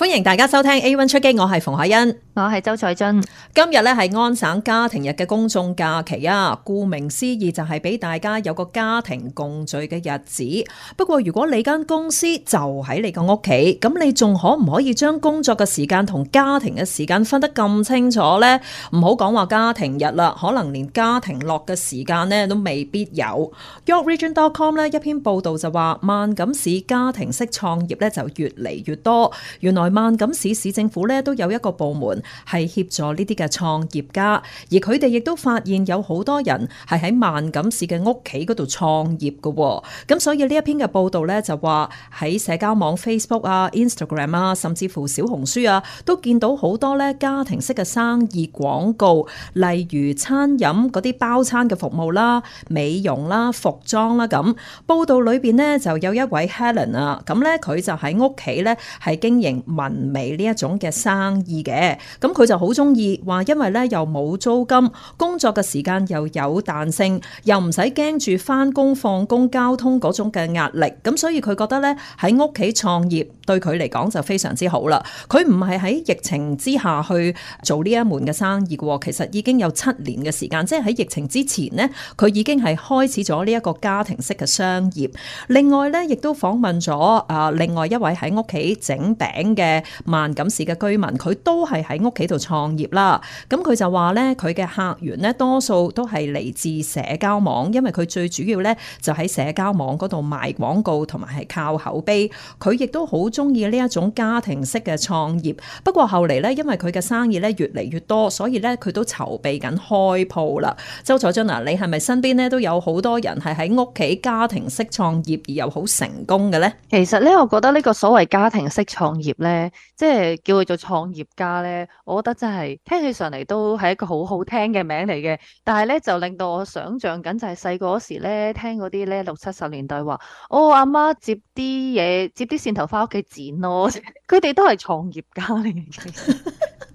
歡迎大家收聽 A One 出擊，我係馮海欣，我係周彩珍。今日咧係安省家庭日嘅公眾假期啊，顧名思義就係俾大家有個家庭共聚嘅日子。不過如果你間公司就喺你個屋企，咁你仲可唔可以將工作嘅時間同家庭嘅時間分得咁清楚咧？唔好講話家庭日啦，可能連家庭樂嘅時間咧都未必有。York Region dot com 咧一篇報道就話，萬錦市家庭式創業咧就越嚟越多，原來。萬錦市市政府呢都有一個部門係協助呢啲嘅創業家，而佢哋亦都發現有好多人係喺萬錦市嘅屋企嗰度創業嘅，哦。咁所以呢一篇嘅報道呢，就話喺社交網 Facebook 啊、Instagram 啊，甚至乎小紅書啊，都見到好多呢家庭式嘅生意廣告，例如餐飲嗰啲包餐嘅服務啦、美容啦、服裝啦咁。報道裏邊呢，就有一位 Helen 啊，咁呢佢就喺屋企呢，係經營。紋眉呢一種嘅生意嘅，咁佢就好中意話，因為咧又冇租金，工作嘅時間又有彈性，又唔使驚住翻工放工交通嗰種嘅壓力，咁所以佢覺得咧喺屋企創業對佢嚟講就非常之好啦。佢唔係喺疫情之下去做呢一門嘅生意嘅，其實已經有七年嘅時間，即係喺疫情之前咧，佢已經係開始咗呢一個家庭式嘅商業，另外咧，亦都訪問咗啊、呃，另外一位喺屋企整餅嘅。誒，萬錦市嘅居民佢都係喺屋企度創業啦。咁佢就話咧，佢嘅客源咧，多數都係嚟自社交網，因為佢最主要咧就喺社交網嗰度賣廣告，同埋係靠口碑。佢亦都好中意呢一種家庭式嘅創業。不過後嚟咧，因為佢嘅生意咧越嚟越多，所以咧佢都籌備緊開鋪啦。周楚章啊，你係咪身邊咧都有好多人係喺屋企家庭式創業而又好成功嘅呢？其實咧，我覺得呢個所謂家庭式創業咧。即係叫佢做創業家咧，我覺得真係聽起上嚟都係一個好好聽嘅名嚟嘅。但係咧就令到我想象緊就係細個嗰時咧聽嗰啲咧六七十年代話，我阿媽接啲嘢，接啲線頭返屋企剪咯。佢哋都係創業家嚟嘅，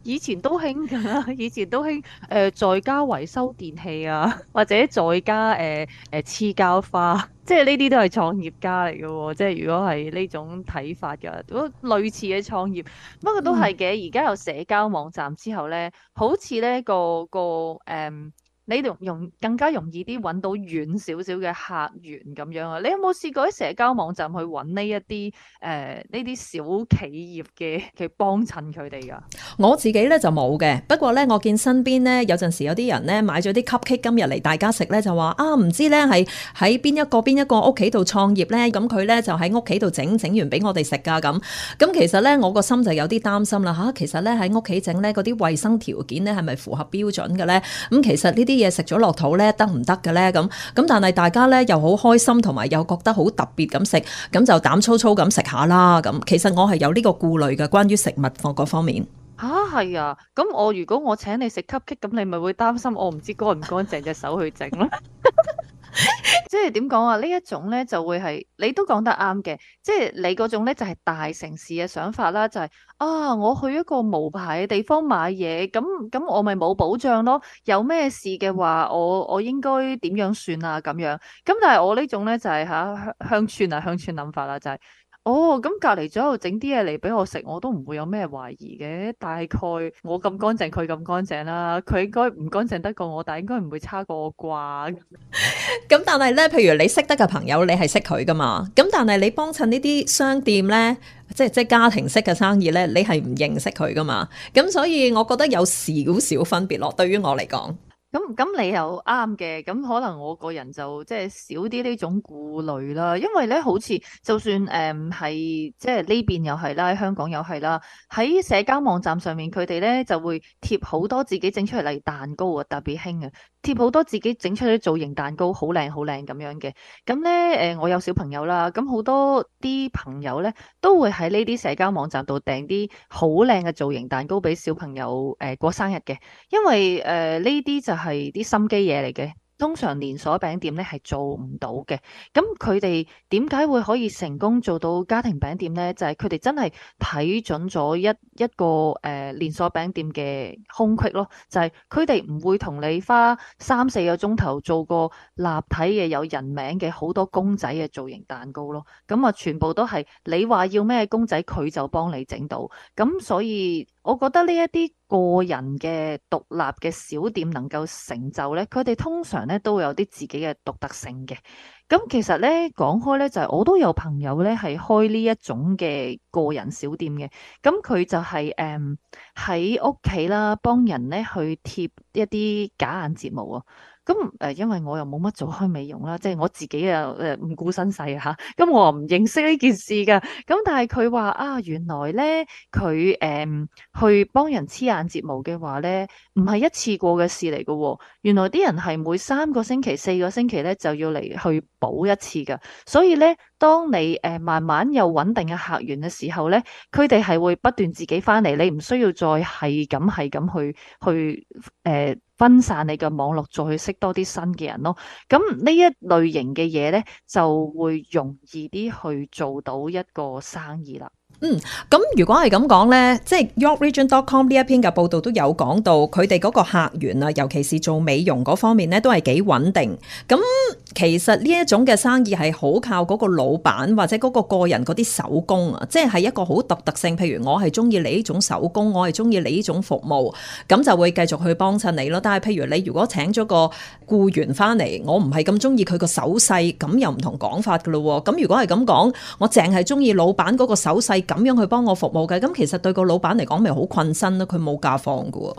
以前都興㗎，以前都興誒、呃、在家維修電器啊，或者在家誒誒黐膠花。即係呢啲都係創業家嚟嘅喎，即係如果係呢種睇法嘅，如果類似嘅創業，不過都係嘅。而家、嗯、有社交網站之後咧，好似咧個個誒。Um, 你容用更加容易啲揾到遠少少嘅客源咁樣啊？你有冇試過喺社交網站去揾呢一啲誒呢啲小企業嘅嘅幫襯佢哋噶？我自己咧就冇嘅，不過咧我見身邊咧有陣時有啲人咧買咗啲 cupcake 今日嚟，大家食咧就話啊唔知咧係喺邊一個邊一個屋企度創業咧，咁佢咧就喺屋企度整，整完俾我哋食噶咁。咁其實咧我個心就有啲擔心啦吓，啊，其實咧喺屋企整咧嗰啲衛生條件咧係咪符合標準嘅咧？咁其實呢啲。啲嘢食咗落肚咧得唔得嘅咧咁咁，但係大家咧又好開心同埋又覺得好特別咁食，咁就膽粗粗咁食下啦。咁其實我係有呢個顧慮嘅，關於食物方嗰方面。吓係啊，咁、啊、我如果我請你食 cupcake，咁你咪會擔心我唔知乾唔乾淨隻手去整咯？ 即係點講啊？呢一種咧就會係你都講得啱嘅，即係你嗰種咧就係、是、大城市嘅想法啦，就係、是、啊我去一個無牌嘅地方買嘢，咁咁我咪冇保障咯？有咩事嘅話，我我應該點樣算啊？咁樣咁但係我種呢種咧就係吓鄉鄉村啊，鄉村諗法啦、啊，就係、是。哦，咁隔籬左右整啲嘢嚟俾我食，我都唔會有咩懷疑嘅。大概我咁乾淨，佢咁乾淨啦、啊。佢應該唔乾淨得過我，但係應該唔會差過我啩。咁 但係咧，譬如你識得嘅朋友，你係識佢噶嘛？咁但係你幫襯呢啲商店咧，即係即係家庭式嘅生意咧，你係唔認識佢噶嘛？咁所以我覺得有少少分別咯，對於我嚟講。咁咁你又啱嘅，咁可能我個人就即係少啲呢種顧慮啦，因為咧好似就算誒係、嗯、即係呢邊又係啦，香港又係啦，喺社交網站上面佢哋咧就會貼好多自己整出嚟蛋糕啊，特別興啊，貼好多自己整出嚟啲造型蛋糕，好靚好靚咁樣嘅。咁咧誒我有小朋友啦，咁好多啲朋友咧都會喺呢啲社交網站度訂啲好靚嘅造型蛋糕俾小朋友誒、呃、過生日嘅，因為誒呢啲就係、是。係啲心機嘢嚟嘅，通常連鎖餅店咧係做唔到嘅。咁佢哋點解會可以成功做到家庭餅店呢？就係佢哋真係睇準咗一一個誒連鎖餅店嘅空隙咯。就係佢哋唔會同你花三四個鐘頭做個立體嘅有人名嘅好多公仔嘅造型蛋糕咯。咁啊，全部都係你話要咩公仔，佢就幫你整到。咁所以。我覺得呢一啲個人嘅獨立嘅小店能夠成就呢，佢哋通常呢都有啲自己嘅獨特性嘅。咁其實呢，講開呢就係我都有朋友呢係開呢一種嘅個人小店嘅。咁佢就係誒喺屋企啦，幫人呢去貼一啲假眼睫毛啊、哦。咁誒、呃，因為我又冇乜做開美容啦，即係我自己啊，誒唔顧身世吓，咁我又唔認識呢件事噶。咁但係佢話啊，原來咧佢誒去幫人黐眼睫毛嘅話咧，唔係一次過嘅事嚟噶喎。原來啲人係每三個星期，四個星期咧就要嚟去補一次噶，所以咧。當你誒慢慢有穩定嘅客源嘅時候咧，佢哋係會不斷自己翻嚟，你唔需要再係咁係咁去去誒分散你嘅網絡，再去識多啲新嘅人咯。咁呢一類型嘅嘢咧，就會容易啲去做到一個生意啦。嗯，咁如果係咁講呢，即係 YorkRegion.com 呢一篇嘅報道都有講到，佢哋嗰個客源啊，尤其是做美容嗰方面呢，都係幾穩定。咁其實呢一種嘅生意係好靠嗰個老闆或者嗰個個人嗰啲手工啊，即係係一個好獨特性。譬如我係中意你呢種手工，我係中意你呢種服務，咁就會繼續去幫襯你咯。但係譬如你如果請咗個僱員翻嚟，我唔係咁中意佢個手勢，咁又唔同講法噶咯。咁如果係咁講，我淨係中意老闆嗰個手勢。咁樣去幫我服務嘅，咁其實對個老闆嚟講，咪好困身咯，佢冇假放噶。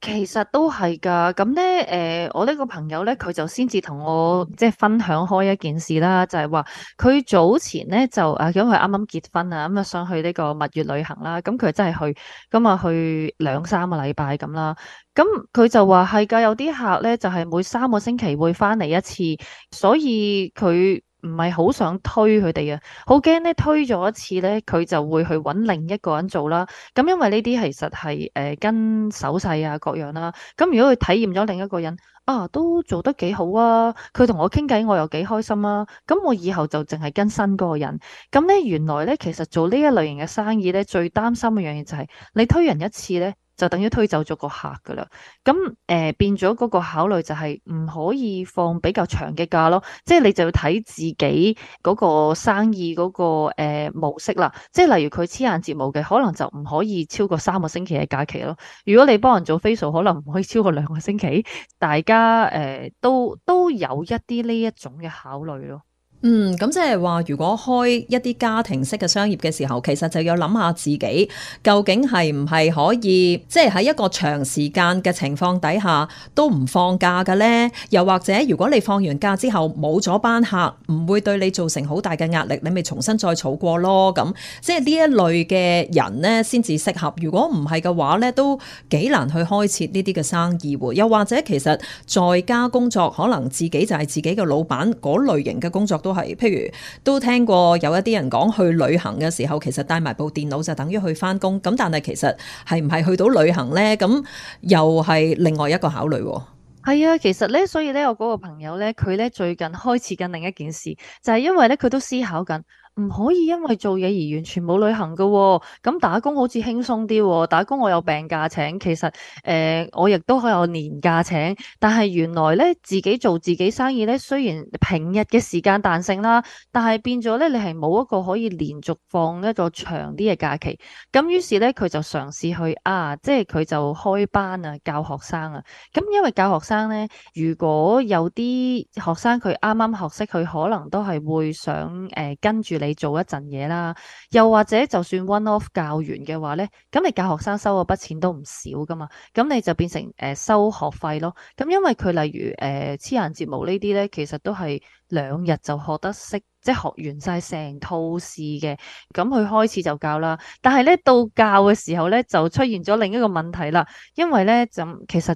其實都係噶，咁咧，誒、呃，我呢個朋友咧，佢就先至同我即係分享開一件事啦，就係話佢早前咧就誒，因為啱啱結婚啊，咁啊想去呢個蜜月旅行啦，咁佢真係去，咁啊去兩三個禮拜咁啦，咁佢就話係噶，有啲客咧就係每三個星期會翻嚟一次，所以佢。唔係好想推佢哋啊，好驚咧推咗一次咧，佢就會去揾另一個人做啦。咁因為呢啲其實係誒、呃、跟手勢啊，各樣啦。咁如果佢體驗咗另一個人啊，都做得幾好啊，佢同我傾偈，我又幾開心啊。咁我以後就淨係跟新嗰個人。咁咧原來咧，其實做呢一類型嘅生意咧，最擔心嘅樣嘢就係、是、你推人一次咧，就等於推走咗個客噶啦，咁誒、呃、變咗嗰個考慮就係唔可以放比較長嘅假咯，即係你就要睇自己嗰個生意嗰、那個誒、呃、模式啦，即係例如佢黐眼睫毛嘅，可能就唔可以超過三個星期嘅假期咯，如果你幫人做 facial，可能唔可以超過兩個星期，大家誒都、呃、都，都有一啲呢一種嘅考慮咯。嗯，咁即係話，如果開一啲家庭式嘅商業嘅時候，其實就要諗下自己究竟係唔係可以，即係喺一個長時間嘅情況底下都唔放假嘅咧？又或者如果你放完假之後冇咗班客，唔會對你造成好大嘅壓力，你咪重新再儲過咯？咁即係呢一類嘅人咧，先至適合。如果唔係嘅話咧，都幾難去開設呢啲嘅生意喎。又或者其實在家工作，可能自己就係自己嘅老闆嗰類型嘅工作都。係，譬如都聽過有一啲人講，去旅行嘅時候，其實帶埋部電腦就等於去翻工。咁但係其實係唔係去到旅行呢？咁又係另外一個考慮喎。係啊，其實呢。所以呢，我嗰個朋友呢，佢呢最近開始緊另一件事，就係、是、因為呢，佢都思考緊。唔可以因為做嘢而完全冇旅行噶。哦，咁打工好似輕鬆啲。打工我有病假請，其實誒、呃、我亦都可以有年假請。但係原來咧自己做自己生意咧，雖然平日嘅時間彈性啦，但係變咗咧你係冇一個可以連續放一個長啲嘅假期。咁於是咧佢就嘗試去啊，即係佢就開班啊教學生啊。咁因為教學生咧，如果有啲學生佢啱啱學識，佢可能都係會想誒、呃、跟住你。你做一陣嘢啦，又或者就算 one off 教完嘅話咧，咁你教學生收嗰筆錢都唔少㗎嘛，咁你就變成誒、呃、收學費咯。咁因為佢例如誒黐、呃、眼睫毛呢啲咧，其實都係兩日就學得識，即係學完晒成套事嘅，咁佢開始就教啦。但係咧到教嘅時候咧，就出現咗另一個問題啦，因為咧就其實。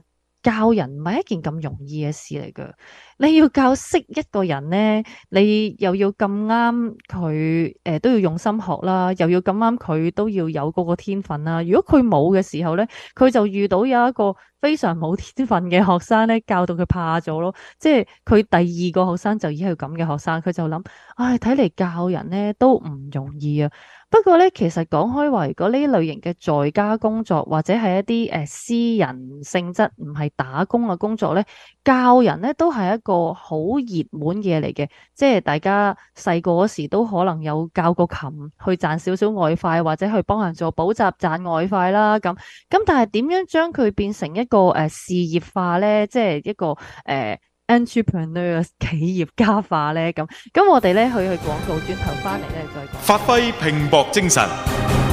教人唔係一件咁容易嘅事嚟㗎，你要教識一個人呢，你又要咁啱佢，誒、呃、都要用心學啦，又要咁啱佢都要有嗰個，個天分啦。如果佢冇嘅時候呢，佢就遇到有一個。非常冇天份嘅學生咧，教到佢怕咗咯。即係佢第二個學生就已經係咁嘅學生，佢就諗，唉，睇嚟教人咧都唔容易啊。不過咧，其實講開話，如果呢類型嘅在家工作或者係一啲誒私人性質唔係打工嘅工作咧，教人咧都係一個好熱門嘢嚟嘅。即係大家細個嗰時都可能有教過琴去賺少少外快，或者去幫人做補習賺外快啦。咁咁，但係點樣將佢變成一一個誒事業化咧，即係一個誒、呃、entrepreneur 企業家化咧，咁咁我哋咧去去廣告轉頭翻嚟咧，再講。發揮拼搏精神，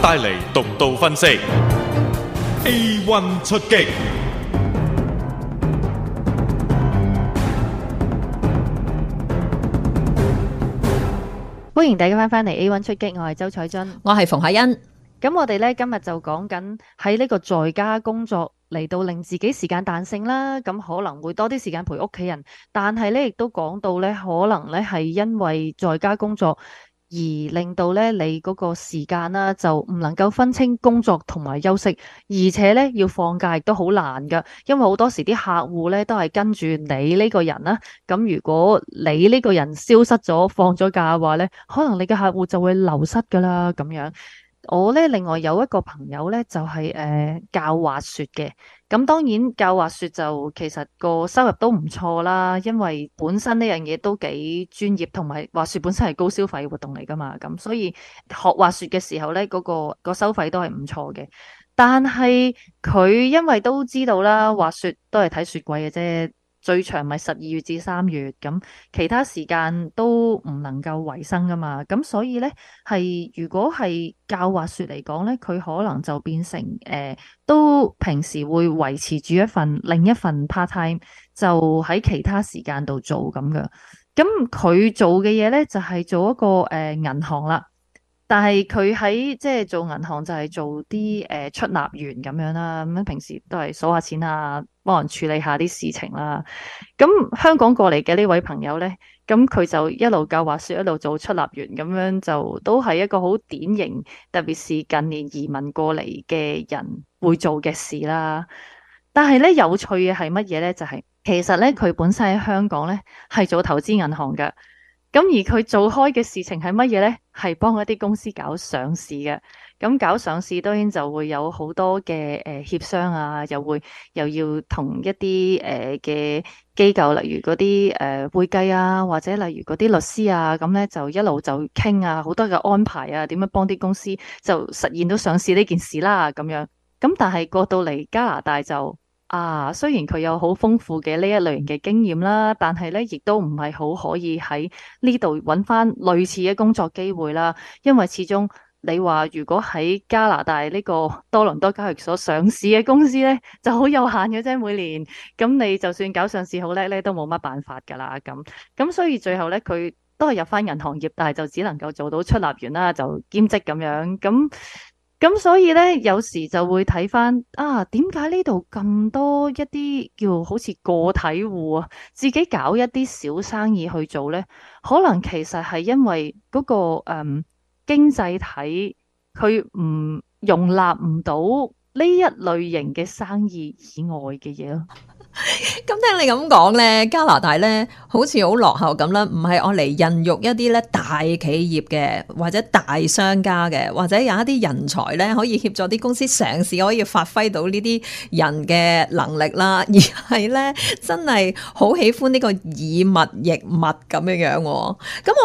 帶嚟獨到分析。A one 出擊，歡迎大家翻翻嚟。A one 出擊，我係周彩珍，我係馮海欣。咁我哋咧今日就講緊喺呢個在家工作嚟到令自己時間彈性啦，咁可能會多啲時間陪屋企人，但係咧亦都講到咧，可能咧係因為在家工作而令到咧你嗰個時間啦、啊、就唔能夠分清工作同埋休息，而且咧要放假亦都好難噶，因為好多時啲客戶咧都係跟住你呢個人啦、啊，咁如果你呢個人消失咗放咗假嘅話咧，可能你嘅客戶就會流失噶啦，咁樣。我咧另外有一個朋友咧，就係、是、誒、呃、教滑雪嘅。咁當然教滑雪就其實個收入都唔錯啦，因為本身呢樣嘢都幾專業，同埋滑雪本身係高消費嘅活動嚟㗎嘛。咁所以學滑雪嘅時候咧，嗰、那個、那個收費都係唔錯嘅。但係佢因為都知道啦，滑雪都係睇雪季嘅啫。最長咪十二月至三月咁，其他時間都唔能夠維生噶嘛。咁所以咧，係如果係教滑雪嚟講咧，佢可能就變成誒、呃，都平時會維持住一份另一份 part time，就喺其他時間度做咁嘅。咁佢做嘅嘢咧，就係、是、做一個誒、呃、銀行啦。但係佢喺即係做銀行就係做啲誒出納員咁樣啦，咁樣平時都係數下錢啊，幫人處理下啲事情啦。咁香港過嚟嘅呢位朋友呢，咁佢就一路教滑雪，一路做出納員樣，咁樣就都係一個好典型，特別是近年移民過嚟嘅人會做嘅事啦。但係呢，有趣嘅係乜嘢呢？就係、是、其實呢，佢本身喺香港呢，係做投資銀行嘅。咁而佢做開嘅事情係乜嘢呢？係幫一啲公司搞上市嘅，咁搞上市當然就會有好多嘅誒協商啊，又會又要同一啲誒嘅機構，例如嗰啲誒會計啊，或者例如嗰啲律師啊，咁咧就一路就傾啊，好多嘅安排啊，點樣幫啲公司就實現到上市呢件事啦，咁樣。咁但係過到嚟加拿大就。啊，雖然佢有好豐富嘅呢一類型嘅經驗啦，但係咧亦都唔係好可以喺呢度揾翻類似嘅工作機會啦。因為始終你話如果喺加拿大呢個多倫多交易所上市嘅公司咧，就好有限嘅啫。每年咁你就算搞上市好叻咧，都冇乜辦法噶啦。咁咁所以最後咧，佢都係入翻銀行業，但係就只能夠做到出納員啦，就兼職咁樣咁。咁所以呢，有時就會睇翻啊，點解呢度咁多一啲叫好似個體戶啊，自己搞一啲小生意去做呢？可能其實係因為嗰個誒經濟體佢唔容納唔到呢一類型嘅生意以外嘅嘢咯。咁聽你咁講咧，加拿大咧好似好落後咁啦，唔係我嚟，孕育一啲咧大企業嘅，或者大商家嘅，或者有一啲人才咧可以協助啲公司嘗試可以發揮到呢啲人嘅能力啦，而係咧真係好喜歡呢個以物易物咁樣樣。咁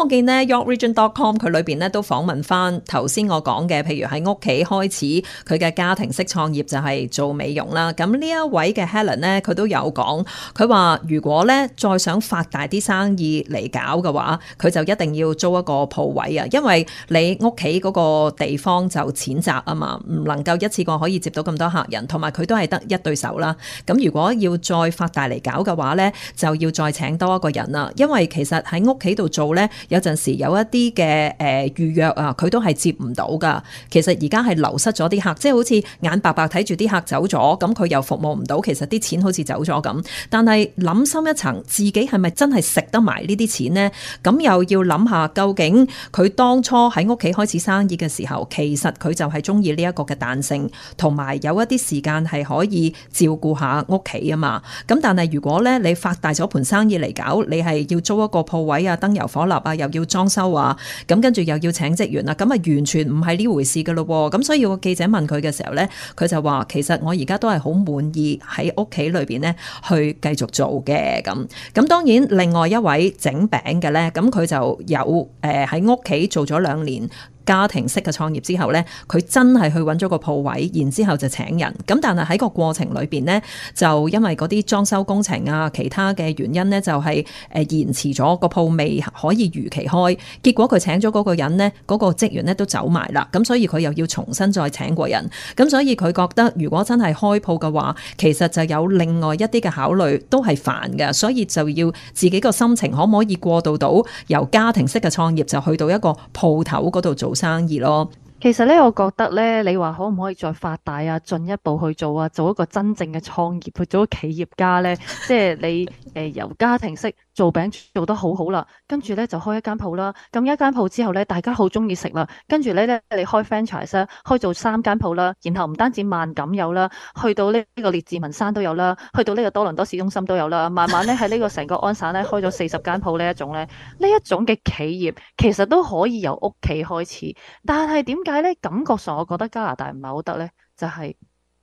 我見咧 YorkRegion.com 佢裏邊咧都訪問翻頭先我講嘅，譬如喺屋企開始佢嘅家庭式創業就係做美容啦。咁呢一位嘅 Helen 咧，佢都有。有講，佢話，如果咧再想發大啲生意嚟搞嘅話，佢就一定要租一個鋪位啊，因為你屋企嗰個地方就淺窄啊嘛，唔能夠一次過可以接到咁多客人，同埋佢都係得一對手啦。咁如果要再發大嚟搞嘅話咧，就要再請多一個人啦、啊，因為其實喺屋企度做咧，有陣時有一啲嘅誒預約啊，佢都係接唔到噶。其實而家係流失咗啲客，即係好似眼白白睇住啲客走咗，咁佢又服務唔到，其實啲錢好似走咗。咁，但係諗深一層，自己係咪真係食得埋呢啲錢呢？咁又要諗下，究竟佢當初喺屋企開始生意嘅時候，其實佢就係中意呢一個嘅彈性，同埋有一啲時間係可以照顧下屋企啊嘛。咁但係如果咧，你發大咗盤生意嚟搞，你係要租一個鋪位啊，燈油火蠟啊，又要裝修啊，咁跟住又要請職員啊，咁咪完全唔係呢回事噶咯。咁所以個記者問佢嘅時候呢，佢就話：「其實我而家都係好滿意喺屋企裏邊呢。」去繼續做。嘅咁，咁當然另外一位整餅嘅咧，咁佢就有誒喺屋企做咗兩年。家庭式嘅創業之後呢，佢真係去揾咗個鋪位，然之後就請人。咁但係喺個過程裏邊呢，就因為嗰啲裝修工程啊，其他嘅原因呢，就係誒延遲咗個鋪未可以如期開。結果佢請咗嗰個人呢，嗰個職員呢都走埋啦。咁所以佢又要重新再請過人。咁所以佢覺得如果真係開鋪嘅話，其實就有另外一啲嘅考慮都係煩嘅，所以就要自己個心情可唔可以過渡到由家庭式嘅創業就去到一個鋪頭嗰度做。生意咯，其實咧，我覺得咧，你話可唔可以再發大啊，進一步去做啊，做一個真正嘅創業，去做一個企業家咧，即係你誒由家庭式。做餅做得好好啦，跟住呢，就開一間鋪啦。咁一間鋪之後呢，大家好中意食啦。跟住呢，咧，你開 franchise 開做三間鋪啦。然後唔單止萬錦有啦，去到呢呢個列治文山都有啦，去到呢個多倫多市中心都有啦。慢慢呢，喺呢個成個安省呢，開咗四十間鋪呢一種呢。呢一種嘅企業其實都可以由屋企開始。但係點解呢？感覺上我覺得加拿大唔係好得呢，就係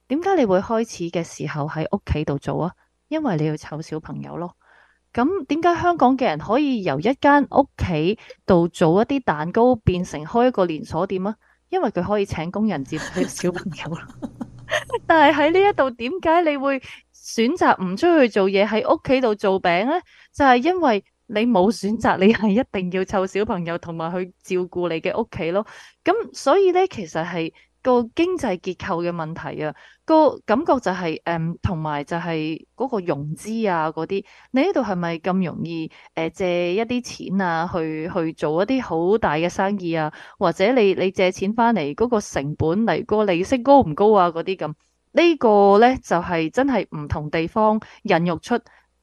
點解你會開始嘅時候喺屋企度做啊？因為你要湊小朋友咯。咁點解香港嘅人可以由一間屋企度做一啲蛋糕變成開一個連鎖店啊？因為佢可以請工人接小朋友。 但係喺呢一度點解你會選擇唔出去做嘢喺屋企度做餅呢？就係、是、因為你冇選擇，你係一定要湊小朋友同埋去照顧你嘅屋企咯。咁所以呢，其實係。個經濟結構嘅問題啊，個感覺就係、是、誒，同、嗯、埋就係嗰個融資啊，嗰啲你呢度係咪咁容易誒、呃、借一啲錢啊，去去做一啲好大嘅生意啊？或者你你借錢翻嚟嗰個成本，嚟，如個利息高唔高啊？嗰啲咁呢個咧就係、是、真係唔同地方孕育出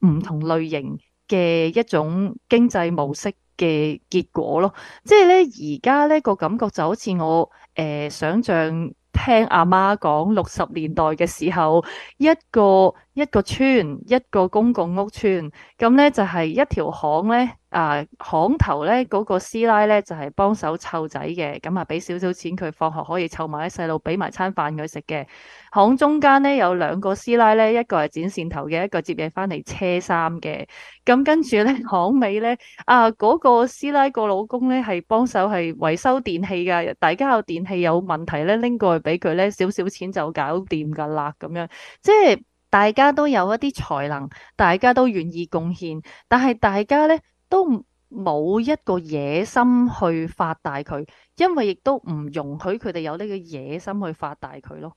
唔同類型嘅一種經濟模式嘅結果咯。即係咧而家咧個感覺就好似我。誒、呃，想像聽阿媽講六十年代嘅時候，一個。一個村，一個公共屋邨。咁呢就係一條巷呢。啊巷頭呢，嗰、那個師奶呢，就係、是、幫手湊仔嘅，咁啊俾少少錢佢放學可以湊埋啲細路，畀埋餐飯佢食嘅。巷中間呢，有兩個師奶呢，一個係剪線頭嘅，一個接嘢翻嚟車衫嘅。咁、啊、跟住呢，巷尾呢，啊嗰、那個師奶個老公呢，係、啊那個、幫手係維修電器㗎，大家有電器有問題呢，拎過去畀佢呢，少少錢就搞掂㗎啦，咁樣即係。大家都有一啲才能，大家都願意貢獻，但係大家呢都冇一個野心去發大佢，因為亦都唔容許佢哋有呢個野心去發大佢咯。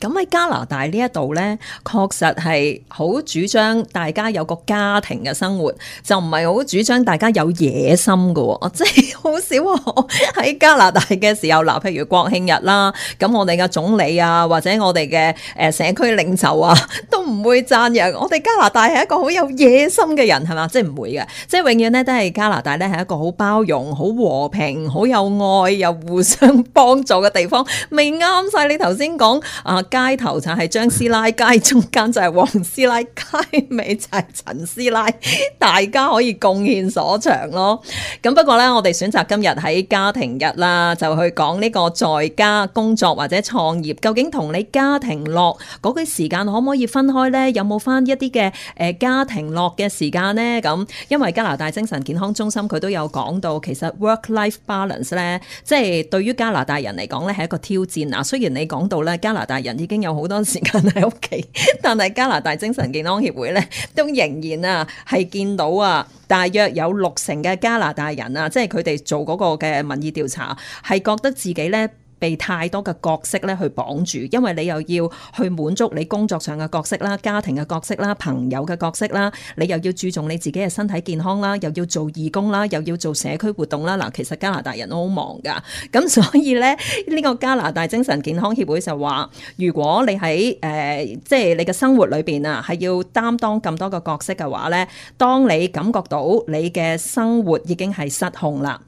咁喺加拿大呢一度呢，確實係好主張大家有個家庭嘅生活，就唔係好主張大家有野心嘅。即我真係好少喺加拿大嘅時候，嗱，譬如國慶日啦，咁我哋嘅總理啊，或者我哋嘅誒社區領袖啊，都唔會讚揚我哋加拿大係一個好有野心嘅人，係嘛？即係唔會嘅，即係永遠呢，都係加拿大呢，係一個好包容、好和平、好有愛又互相幫助嘅地方，未啱晒你頭先講。啊，街頭就係張師奶，街中間就係黃師奶，街尾就係陳師奶，大家可以貢獻所長咯。咁不過呢，我哋選擇今日喺家庭日啦，就去講呢個在家工作或者創業，究竟同你家庭樂嗰啲時間可唔可以分開呢？有冇翻一啲嘅誒家庭樂嘅時間呢？咁因為加拿大精神健康中心佢都有講到，其實 work-life balance 呢，即係對於加拿大人嚟講呢，係一個挑戰啊。雖然你講到呢。加拿大人已經有好多時間喺屋企，但係加拿大精神健康協會咧，都仍然啊，係見到啊，大約有六成嘅加拿大人啊，即係佢哋做嗰個嘅民意調查，係覺得自己咧，被太多嘅角色咧去綁住，因為你又要去滿足你工作上嘅角色啦、家庭嘅角色啦、朋友嘅角色啦，你又要注重你自己嘅身體健康啦，又要做義工啦，又要做社區活動啦。嗱，其實加拿大人都好忙噶，咁所以咧呢個加拿大精神健康協會就話，如果你喺誒即係你嘅生活裏邊啊，係要擔當咁多個角色嘅話咧，當你感覺到你嘅生活已經係失控啦。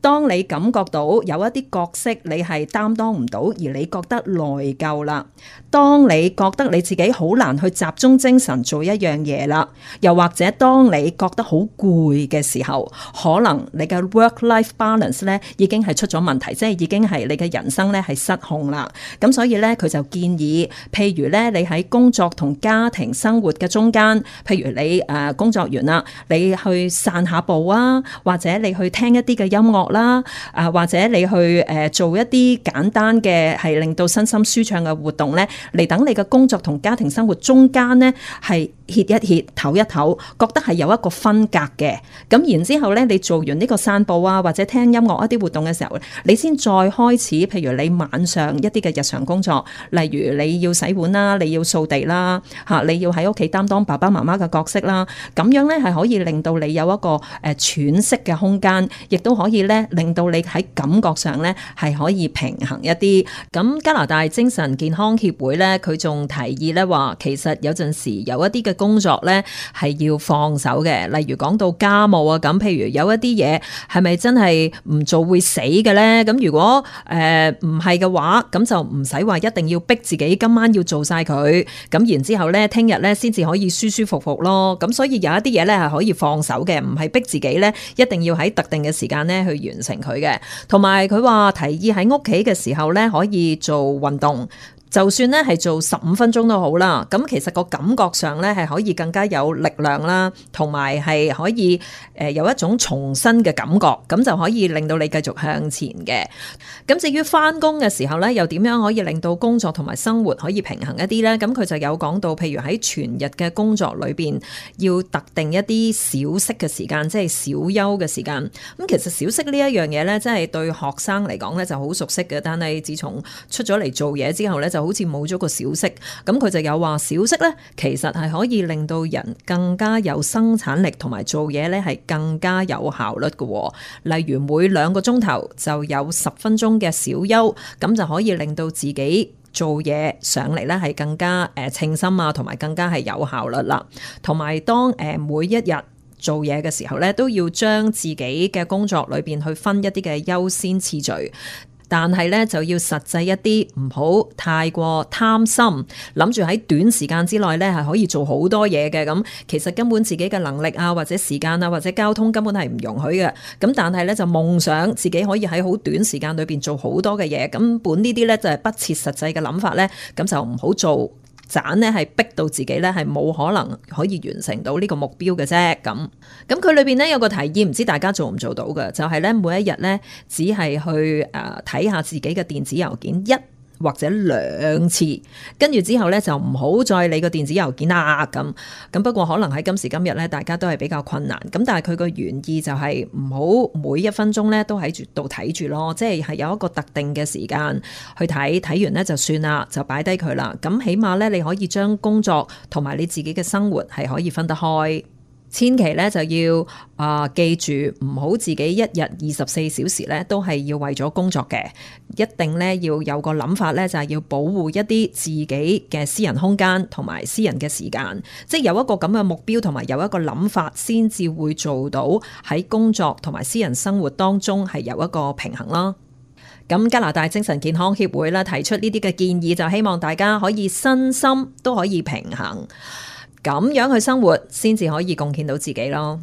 當你感覺到有一啲角色你係擔當唔到，而你覺得內疚啦；當你覺得你自己好難去集中精神做一樣嘢啦，又或者當你覺得好攰嘅時候，可能你嘅 work-life balance 咧已經係出咗問題，即係已經係你嘅人生咧係失控啦。咁所以咧，佢就建議，譬如咧你喺工作同家庭生活嘅中間，譬如你誒、呃、工作完啦，你去散下步啊，或者你去聽一啲嘅音樂。啦，啊或者你去誒做一啲簡單嘅係令到身心舒暢嘅活動咧，嚟等你嘅工作同家庭生活中間咧係歇一歇，唞一唞，覺得係有一個分隔嘅。咁然之後咧，你做完呢個散步啊或者聽音樂一啲活動嘅時候，你先再開始，譬如你晚上一啲嘅日常工作，例如你要洗碗啦，你要掃地啦，吓你要喺屋企擔當爸爸媽媽嘅角色啦，咁樣咧係可以令到你有一個誒喘息嘅空間，亦都可以咧。令到你喺感覺上咧係可以平衡一啲。咁加拿大精神健康協會咧，佢仲提議咧話，其實有陣時有一啲嘅工作咧係要放手嘅，例如講到家務啊咁，譬如有一啲嘢係咪真係唔做會死嘅咧？咁如果誒唔係嘅話，咁就唔使話一定要逼自己今晚要做晒佢。咁然之後咧，聽日咧先至可以舒舒服服咯。咁所以有一啲嘢咧係可以放手嘅，唔係逼自己咧一定要喺特定嘅時間咧去完成佢嘅，同埋佢話提議喺屋企嘅時候咧，可以做運動。就算咧係做十五分鐘都好啦，咁其實個感覺上咧係可以更加有力量啦，同埋係可以誒有一種重新嘅感覺，咁就可以令到你繼續向前嘅。咁至於翻工嘅時候咧，又點樣可以令到工作同埋生活可以平衡一啲咧？咁佢就有講到，譬如喺全日嘅工作裏邊要特定一啲小息嘅時間，即係小休嘅時間，咁其實小息呢一樣嘢咧，即係對學生嚟講咧就好熟悉嘅，但係自從出咗嚟做嘢之後咧就。好似冇咗個小息，咁佢就有話小息呢，其實係可以令到人更加有生產力，同埋做嘢呢係更加有效率㗎喎。例如每兩個鐘頭就有十分鐘嘅小休，咁就可以令到自己做嘢上嚟呢係更加誒、呃、稱心啊，同埋更加係有效率啦。同埋當誒每一日做嘢嘅時候呢，都要將自己嘅工作裏邊去分一啲嘅優先次序。但係咧就要實際一啲，唔好太過貪心，諗住喺短時間之內咧係可以做好多嘢嘅。咁其實根本自己嘅能力啊，或者時間啊，或者交通根本係唔容許嘅。咁但係咧就夢想自己可以喺好短時間裏邊做好多嘅嘢。咁本呢啲咧就係不切實際嘅諗法咧，咁就唔好做。盞咧係逼到自己咧係冇可能可以完成到呢個目標嘅啫，咁咁佢裏邊咧有個提議，唔知大家做唔做到嘅？就係咧每一日咧只係去誒睇下自己嘅電子郵件一或者兩次，跟住之後咧就唔好再理個電子郵件啦咁。咁不過可能喺今時今日咧，大家都係比較困難。咁但係佢個原意就係唔好每一分鐘咧都喺度睇住咯，即係係有一個特定嘅時間去睇，睇完咧就算啦，就擺低佢啦。咁起碼咧你可以將工作同埋你自己嘅生活係可以分得開。千祈咧就要啊、呃，記住唔好自己一日二十四小時咧都係要為咗工作嘅，一定咧要有個諗法咧，就係、是、要保護一啲自己嘅私人空間同埋私人嘅時間，即係有一個咁嘅目標同埋有一個諗法，先至會做到喺工作同埋私人生活當中係有一個平衡啦。咁加拿大精神健康協會啦提出呢啲嘅建議，就希望大家可以身心都可以平衡。咁樣去生活，先至可以貢獻到自己咯。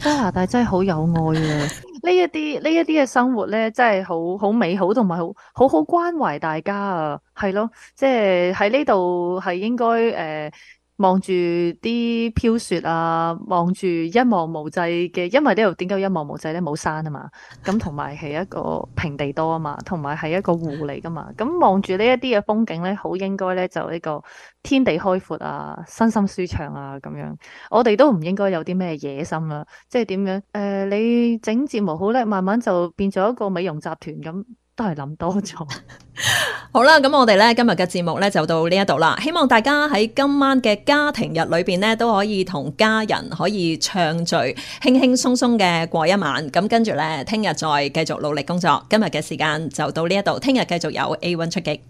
加拿大真係好有愛啊！呢 一啲呢一啲嘅生活咧，真係好好美好，同埋好好好關懷大家啊！係咯，即係喺呢度係應該誒。呃望住啲飄雪啊，望住一望無際嘅，因為呢度點解一望無際咧？冇山啊嘛，咁同埋係一個平地多啊嘛，同埋係一個湖嚟噶嘛。咁望住呢一啲嘅風景咧，好應該咧就呢個天地開闊啊，身心舒暢啊咁樣。我哋都唔應該有啲咩野心啦，啊，即係點樣誒、呃？你整睫毛好咧，慢慢就變咗一個美容集團咁。都係諗多咗。 好啦，咁我哋咧今日嘅節目咧就到呢一度啦。希望大家喺今晚嘅家庭日裏邊咧都可以同家人可以暢聚，輕輕鬆鬆嘅過一晚。咁跟住咧，聽日再繼續努力工作。今日嘅時間就到呢一度，聽日繼續有 A one 出擊。